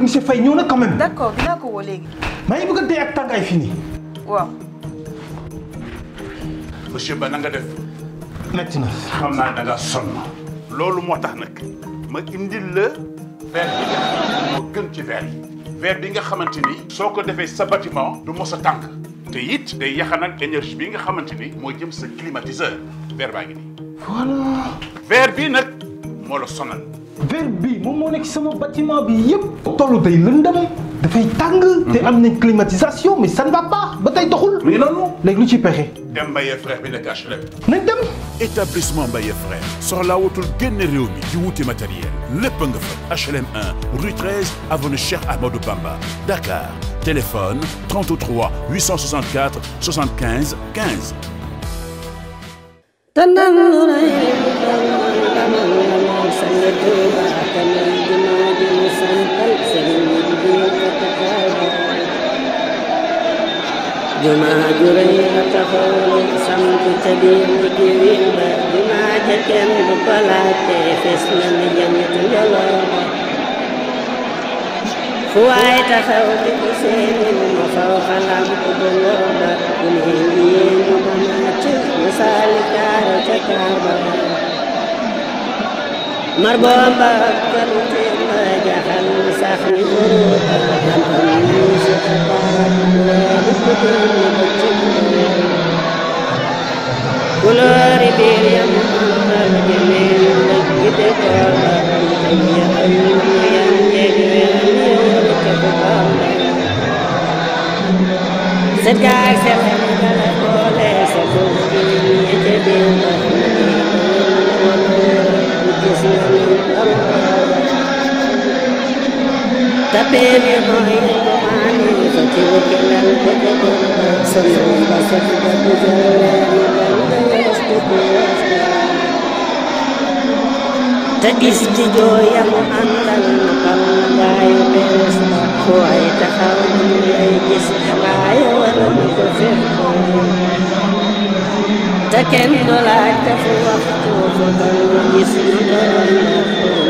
monsieur Faye ñëw na quand même. d'accord dinaa ko woo léegi. maa ngi bëgg a dee ak tàngaay fii nii. waaw. Ba na nga def. metti na. loolu moo tax nag ma indil la verre bi nga gën ci verre yi. verre bi nga xamante ni. soo ko defee sa bâtiment du mos a tànk. te it day yaxanal énergie bi nga xamante ni. moo jëm sa climatiseur verre baa ngi nii. voilà. bii nag moo la sonal. verre bii moom moo nekk sama bâtiment bi yëpp. tollu day lëndëm dafay tàng. te mhm. am climatisation mais ça ne va ba tey doxul. muy noonu. léegi lu ci pexe. dem Mbaye frère bi nekk HLM. nañ dem. établissement Mbaye frère soxlaa wutul génn réew mi di wuti matériel lépp nga fa HLM 1 rue 13 avenue Cheikh Amadou Bamba Dakar téléphone 33 864 75 15. jumaa ju rëy la taxawal sant ca biir liggéey ba jumaa ja kenn du ko laajte fees na ni jamitu njoloo ba fu waay taxaw di ko seeni mu ma faw xalaam ko bëloo مرقوم بكرت ما جحل سحري ولاري بيريم الجميل نجدك يا Sit guys, sit guys, sit guys, sit guys, sit guys, ربي بضعي عنيفتي وكل الكتب سمع البصر بجلال te is di jooyam àndal na xam na bàyyi bees fu ay taxaw ñu lay wala du ko fekk te kenn du laaj te fu waxtu fa gis ñu doon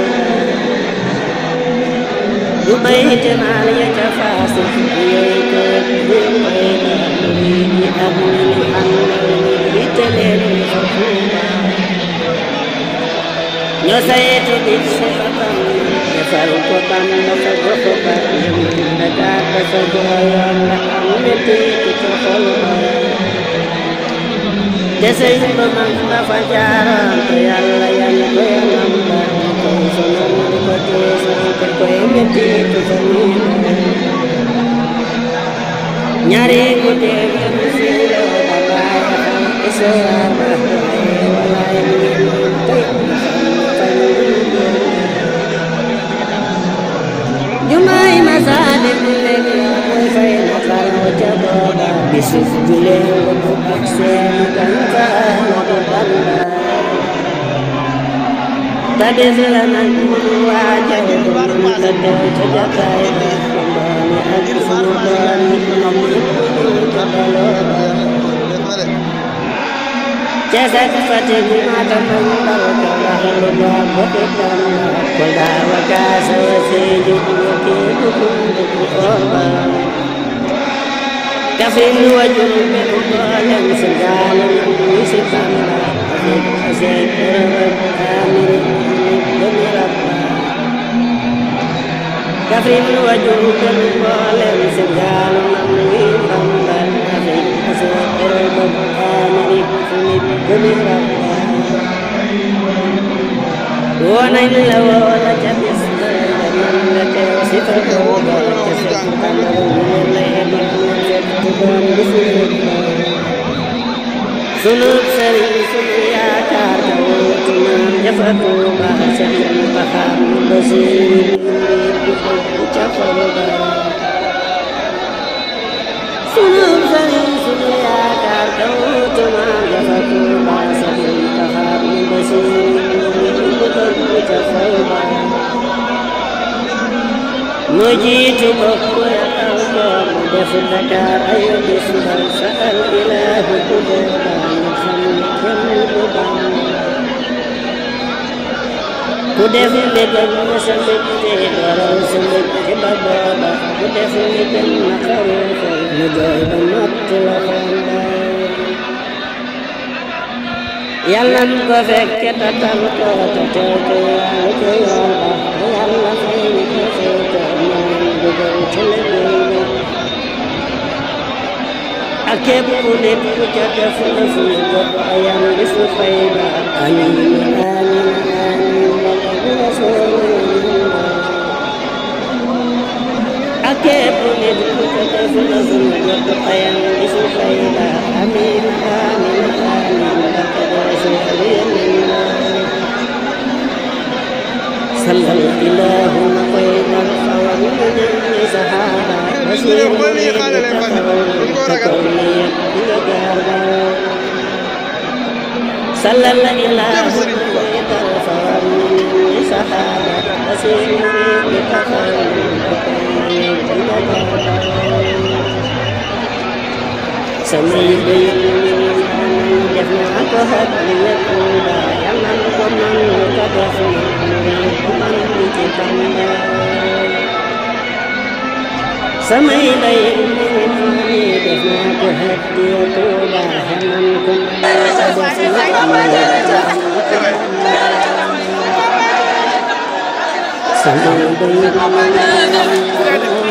ببيت عليك فاسق بيت بين أمرين أبو الحمد لتلين الحكومة نسيت بالصفة نفرق طم نفرق طم ندعك فدعي رحمتي تتخلق تسيب من نفجارك يلا يلا koyemete to zamin ñare ko te musiro baba eso jumay masale lele moy fay na kal mo jaboda bisu jule ko ko sen kan فقد لمن واجه فدوت جزايا جزت فتن عدم الموت وحل بابك كلا وكاس وسيج يكيد كل كفي الوجه بقبال سجال وسفا Afrique wa jur kër mboolem si gaalu mag wi Bambal Afrique asoo Europe Amérique fu nit bu ni rabbaan woo nañ la woo la ca bis ba jamin la teew si fa kaw ba ca set Kamerun mu lay amal na set ku doon bi si nit sunu sëriñ sunu yaakaar ka woo ci naan jafatu ba set ba xam ba si مجيت مكر أمام دفنك عين سهل سأل إله قدامك ku def li gën na sa mbégte daraw sa mbégte ba booba ku def li gën na xaru xol ñu jooy ba natt nu ko fekke tatal ko te teew ko yàlla ko yoon ba yàlla fay ñu ko fay ko moom dugal ku nit ku ca def la fu ñu jot ayam bi su fay ba يدعوك تزلزل وقطيا بشوك إلى حميم آمين آمين لقد وجد من صلى الإله مقيم الخوان من سحابا بشير ككوني لجابا صلى الإله مقيم الخوان من سحابا بشير ككوني سميت يفنعك هب يقولا يمن ومن كتفنا ومن كتبنا سميت يفنعك هب يقولا يمن ومن كتبنا سميت يفنعك هب يقولا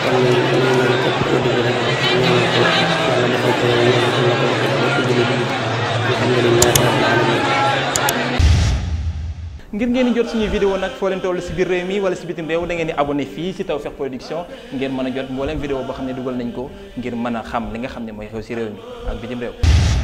kon ñu ngi ñu ngi képp koo dégg rek ngir ngeen jot suñuy vidéo nag foo leen si biir réew mi wala si bitim réew da ngeen di abonné fii si Tawfekh Production ngeen mën a jot mbooleem vidéo boo xam ne dugal nañ ko ngir mën a xam li nga xam ne mooy xew si réew mi ak bitim réew